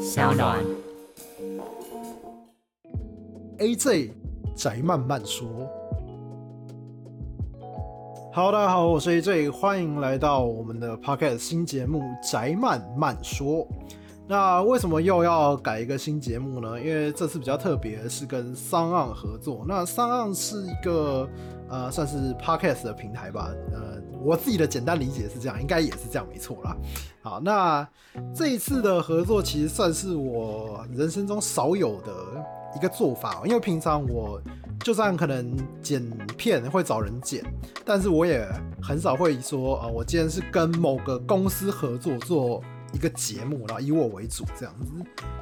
Sound On。AJ 宅慢慢說。Hello，大家好，我是 AJ，歡迎來到我們的 p o c k e t 新節目《宅慢慢說》。那為什麼又要改一個新節目呢？因為這次比較特別，是跟 s o 合作。那 s o 是一個呃，算是 podcast 的平台吧。呃，我自己的簡單理解是這樣，應該也是這樣，沒錯啦。好，那這一次的合作其實算是我人生中少有的一個做法，喔，因為平常我就算可能剪片會找人剪，但是我也很少會說啊，呃，我今天是跟某個公司合作做。一個節目，然後以我為主這樣子。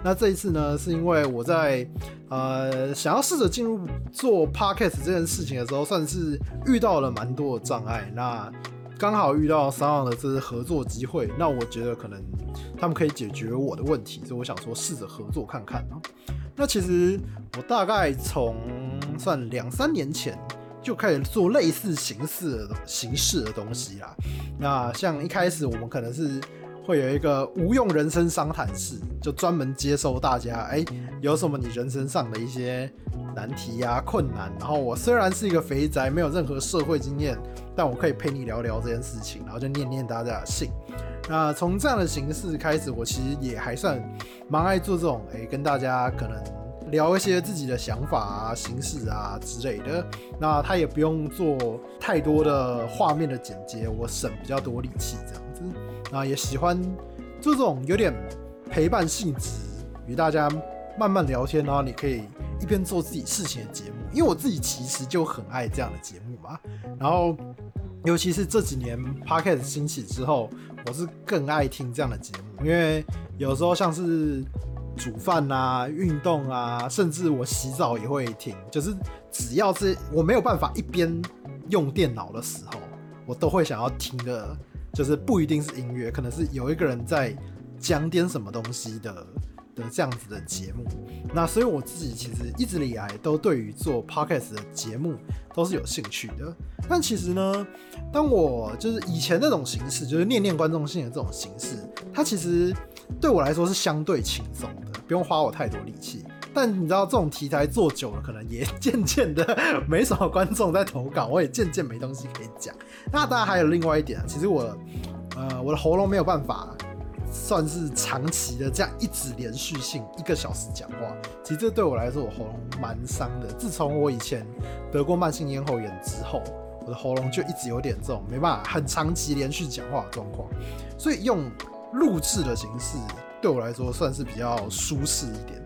那這一次呢，是因為我在呃想要試着進入做 Podcast 這件事情的時候，算是遇到了蠻多的障礙。那剛好遇到 SoundOn 的這個合作機會，那我覺得可能他們可以解決我的問題，所以我想說試着合作看看。那其實我大概從算兩三年前就開始做類似形式的形式的東西啦。那像一開始我們可能是。會有一個無用人生商談室，就專門接收大家，哎，有什麼你人生上的一些難題呀、啊、困難，然後我雖然是一個肥宅，沒有任何社會經驗，但我可以陪你聊聊這件事情，然後就念念大家的信。那從這樣的形式開始，我其實也還算蠻愛做這種，哎，跟大家可能聊一些自己的想法啊、形式啊之類的。那他也不用做太多的畫面的剪接，我省比較多力氣這樣。啊，也喜歡這種有點陪伴性質，與大家慢慢聊天。然後你可以一邊做自己事情的節目，因為我自己其實就很愛這樣的節目嘛。然後，尤其是這幾年 podcast 興起之後，我是更愛聽這樣的節目，因為有時候像是煮飯啊、運動啊，甚至我洗澡也會聽。就是只要是我沒有辦法一邊用電腦的時候，我都會想要聽的。就是不一定是音樂，可能是有一個人在講點什麼東西的的這樣子的節目。那所以我自己其實一直以來都對於做 podcast 的節目都是有興趣的。但其實呢，當我就是以前那種形式，就是念念觀眾信的這種形式，它其實對我來說是相對輕鬆的，不用花我太多力氣。但你知道這種題材做久了，可能也漸漸的沒什麼觀眾在投稿，我也漸漸沒東西可以講。那當然還有另外一點啊，其實我，呃，我的喉嚨沒有辦法，算是長期的這樣一直連續性一個小時講話，其實這對我來說，我喉嚨蠻傷的。自從我以前得過慢性咽喉炎之後，我的喉嚨就一直有點這種沒辦法很長期連續講話的狀況，所以用錄制的形式對我來說算是比較舒適一點。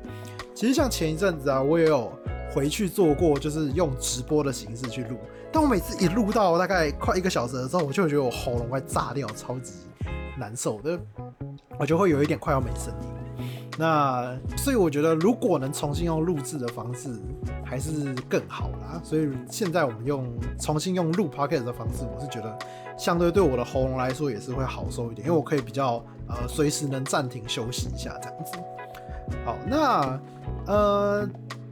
其實像前一陣子啊，我也有回去做過，就是用直播的形式去錄。但我每次一錄到大概快一個小時的時候，我就覺得我喉嚨快炸掉，超級難受的。我就會有一點快要沒聲音。那所以我覺得，如果能重新用錄制的方式，還是更好啦。所以現在我們用重新用錄 podcast 的方式，我是覺得相對對我的喉嚨來說也是會好受一點，因為我可以比較呃隨時能暫停休息一下這樣子。好，那。呃，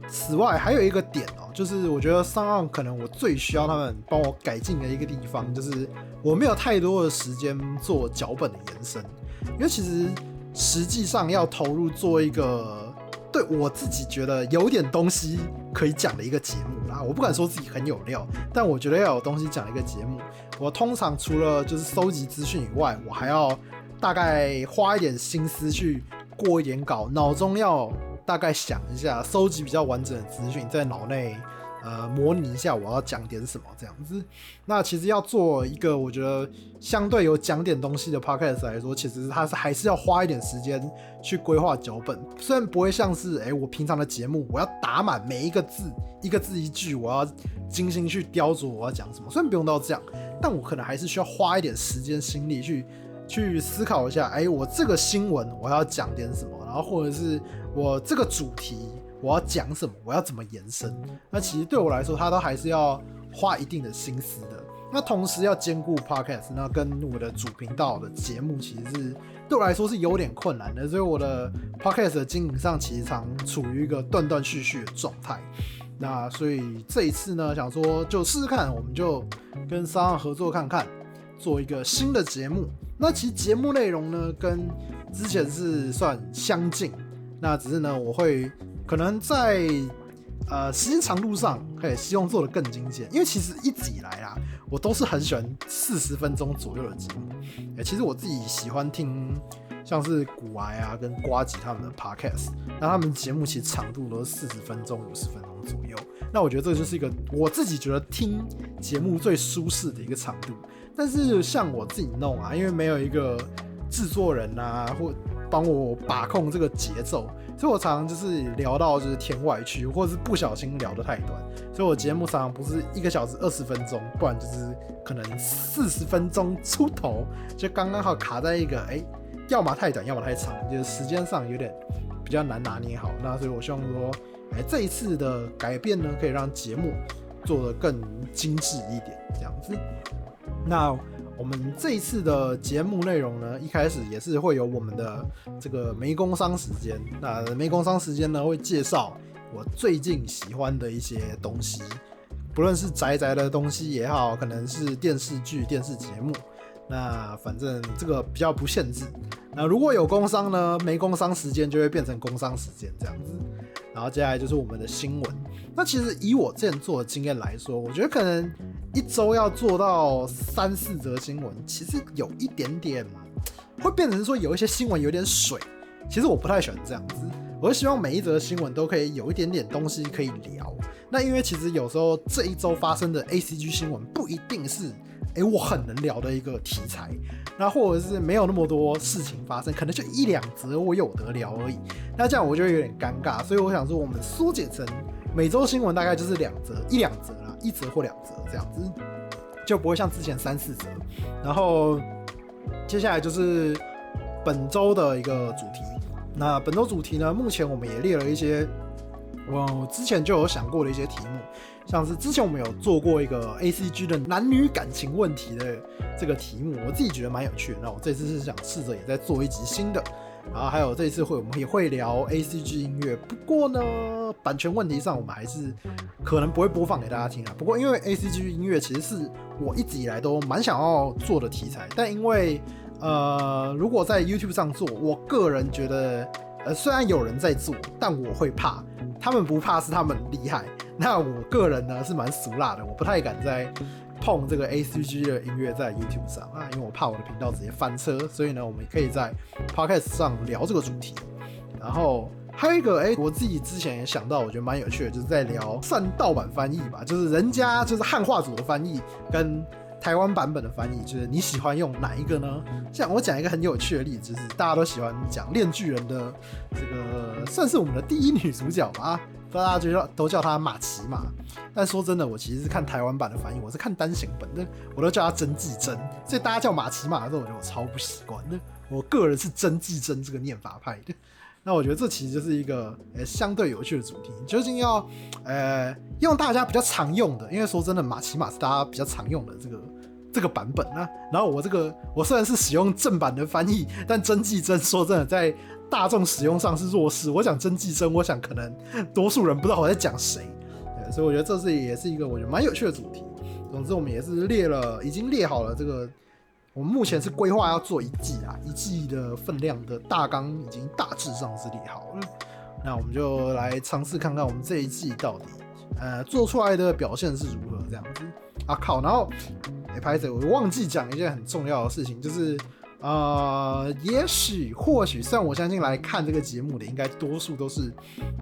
此外還有一個點哦、喔，就是我覺得 SoundOn 可能我最需要他們幫我改進的一個地方，就是我沒有太多的時間做腳本的延伸，因為其實實際上要投入做一個對我自己覺得有點東西可以講的一個節目啦，我不敢說自己很有料，但我覺得要有東西講的一個節目，我通常除了就是收集資訊以外，我還要大概花一點心思去過一點稿，腦中要。大概想一下，收集比較完整的資訊，在腦內呃模擬一下我要講點什麼這樣子。那其實要做一個我覺得相對有講點東西的 podcast 來說，其實它是還是要花一點時間去規劃腳本。雖然不會像是哎、欸、我平常的節目，我要打滿每一個字，一個字一句，我要精心去雕琢我要講什麼。雖然不用到這樣，但我可能還是需要花一點時間心力去去思考一下，哎、欸、我這個新聞我要講點什麼，然後或者是。我這個主題，我要講什麼，我要怎麼延伸？那其實對我來說，他都還是要花一定的心思的。那同時要兼顧 podcast，那跟我的主頻道的節目，其實是對我來說是有點困難的。所以我的 podcast 的經營上，其實常處於一個斷斷續續的狀態。那所以這一次呢，想說就試試看，我們就跟 SoundOn 合作看看，做一個新的節目。那其實節目內容呢，跟之前是算相近。那只是呢，我會可能在呃時間長度上，可以希望做得更精簡，因為其實一直以來啊，我都是很喜歡四十分鐘左右的節目。誒、欸，其實我自己喜歡聽像是股癌啊跟呱吉他們的 podcast，那他們節目其實長度都是四十分鐘、五十分鐘左右。那我覺得這就是一個我自己覺得聽節目最舒適的一個長度。但是像我自己弄啊，因為沒有一個制作人啊或。幫我把控這個節奏，所以我常常就是聊到就是天外去，或者是不小心聊得太短，所以我節目常常不是一個小時二十分鐘，不然就是可能四十分鐘出頭，就剛剛好卡在一個，欸，要麼太短，要麼太長，就是時間上有點比較難拿捏好。那所以我希望說，欸，這一次的改變呢，可以讓節目做得更精致一點，這樣子。那。我們這一次的節目內容呢，一開始也是會有我們的這個沒工商時間。那沒工商時間呢，會介紹我最近喜歡的一些東西，不論是宅宅的東西也好，可能是電視劇、電視節目，那反正這個比較不限制。那如果有工商呢，沒工商時間就會變成工商時間這樣子。然後接下來就是我們的新聞。那其實以我之前做的經驗來說，我覺得可能一周要做到三四則新聞，其實有一點點會變成說有一些新聞有點水。其實我不太喜歡這樣子。我是希望每一則新聞都可以有一點點東西可以聊。那因為其實有時候這一周發生的 ACG 新聞不一定是，誒，我很能聊的一個題材。那或者是沒有那麼多事情發生，可能就一兩則我有得聊而已。那這樣我就有點尷尬，所以我想說，我們縮減成每周新聞大概就是兩則，一兩則啦，一則或兩則這樣子，就不會像之前三四則。然後接下來就是本周的一個主題。那本周主題呢？目前我們也列了一些我之前就有想過的一些題目，像是之前我們有做過一個 ACG 的男女感情問題的這個題目，我自己覺得蠻有趣的。那我這次是想試着也再做一集新的，然後還有這次會我們也會聊 ACG 音樂，不過呢，版權問題上我們還是可能不會播放給大家聽啊。不過因為 ACG 音樂其實是我一直以來都蠻想要做的題材，但因為。呃，如果在 YouTube 上做，我個人覺得，呃，雖然有人在做，但我會怕。他們不怕是他們厲害，那我個人呢是蠻俗辣的，我不太敢再碰這個 ACG 的音樂在 YouTube 上啊，因為我怕我的頻道直接翻車。所以呢，我們也可以在 Podcast 上聊這個主題。然後還有一個，誒，我自己之前也想到，我覺得蠻有趣的，就是在聊善盜版翻譯吧，就是人家就是漢化組的翻譯跟。台灣版本的翻譯，就是你喜歡用哪一個呢？像我講一個很有趣的例子，就是大家都喜歡講《鏈鋸人》的這個算是我們的第一女主角吧，知道大家就叫都叫她瑪奇瑪。但說真的，我其實是看台灣版的翻譯，我是看單行本的，我都叫她真紀真，所以大家叫瑪奇瑪的時候，我覺得我超不習慣的。我個人是真紀真這個念法派的。那我覺得這其實就是一個呃、欸、相對有趣的主題。究竟要呃用大家比較常用的，因為說真的，馬奇馬是大家比較常用的這個這個版本啊。然後我這個我雖然是使用正版的翻譯，但真紀真說真的，在大眾使用上是弱勢。我講真紀真，我想可能多數人不知道我在講誰。對。所以我覺得這是也是一個我覺得蠻有趣的主題。總之，我們也是列了，已經列好了這個。我們目前是規劃要做一季啊，一季的分量的大綱已經大致上是列好了，那我們就來嘗試看看我們這一季到底呃做出來的表現是如何這樣子。啊靠！然後哎，拍謝，我忘記講一件很重要的事情，就是啊、呃，也許或許，雖然我相信來看這個節目的應該多數都是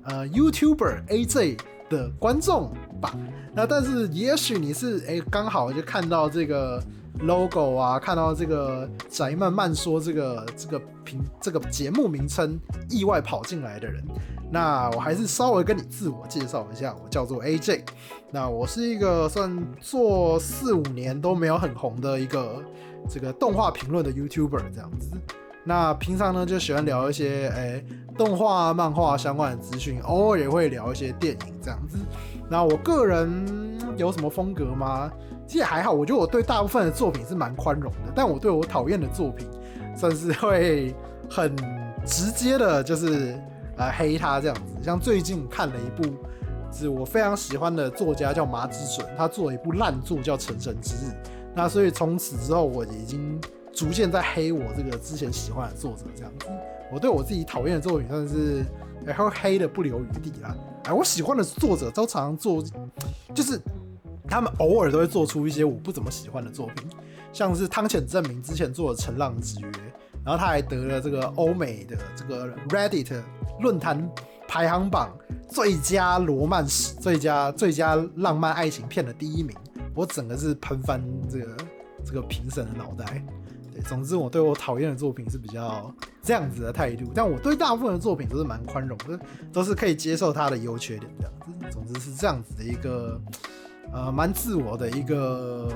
呃，YouTuber A Jie。的觀眾吧，那但是也許你是哎、欸、剛好就看到這個 logo 啊，看到這個宅漫慢說這個這個評這個節目名稱意外跑進來的人，那我還是稍微跟你自我介紹一下，我叫做 A Jie，那我是一個算做四五年都沒有很紅的一個這個動畫評論的 YouTuber 這樣子。那平常呢，就喜歡聊一些誒、欸、動畫、漫畫相關的資訊，偶爾也會聊一些電影這樣子。那我個人有什麼風格嗎？其實還好，我覺得我對大部分的作品是蠻寬容的，但我對我討厭的作品，算是會很直接的，就是呃黑他這樣子。像最近看了一部，就是我非常喜歡的作家叫麻枝准，他做了一部爛作叫《成神之日》，那所以從此之後我已經。逐漸在黑我這個之前喜歡的作者，這樣子，我對我自己討厭的作品算是，然後黑的不留餘地啦。哎，我喜歡的作者都常常做，就是他們偶爾都會做出一些我不怎麼喜歡的作品，像是湯淺政明之前做的《乘浪之約》，然後他還得了這個歐美的這個 Reddit 論壇排行榜最佳羅曼史、最佳最佳浪漫愛情片的第一名，我整個是噴翻這個這個評審的腦袋。總之，我對我討厭的作品是比較這樣子的態度，但我對大部分的作品都是蠻寬容的，都是可以接受他的優缺點這樣子。總之是這樣子的一個，呃，蠻自我的一個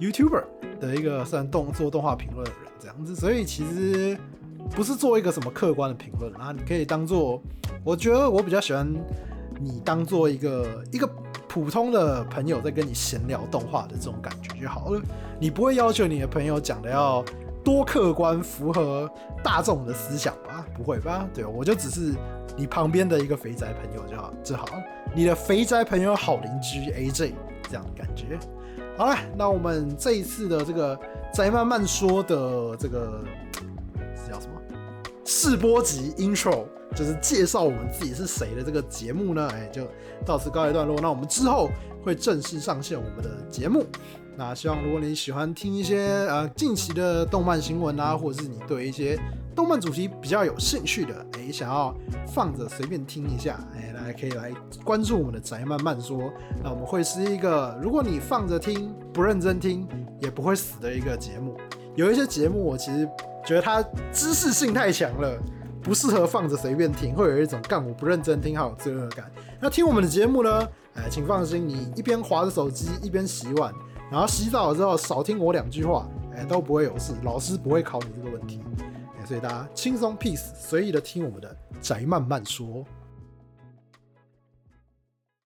YouTuber 的一個算動做動畫評論的人這樣子。所以其實不是做一個什麼客觀的評論啊，你可以當做，我覺得我比較喜歡你當做一個一個。普通的朋友在跟你閒聊動畫的這種感覺就好了，你不會要求你的朋友講的要多客觀、符合大眾的思想吧？不會吧？對，我就只是你旁邊的一個肥宅朋友就好，正好你的肥宅朋友好鄰居 A Jie 這樣的感覺。好了，那我們這一次的這個宅漫慢說的這個是叫什麼？試播集 intro 就是介紹我們自己是誰的這個節目呢，誒，就到此告一段落。那我們之後會正式上線我們的節目。那希望如果你喜歡聽一些呃近期的動漫新聞啊，或者是你對一些動漫主題比較有興趣的，誒，想要放着隨便聽一下，誒，大家可以來關注我們的宅漫慢說。那我們會是一個，如果你放着聽不認真聽也不會死的一個節目。有一些節目我其實。覺得它知識性太強了，不適合放着隨便聽，會有一種幹我不認真聽好有罪惡感。那聽我們的節目呢？唉，請放心，你一邊划着手機，一邊洗碗，然後洗澡之後少聽我兩句話，唉，都不會有事。老師不會考你這個問題，唉，所以大家輕鬆 peace，隨意的聽我們的宅漫慢說。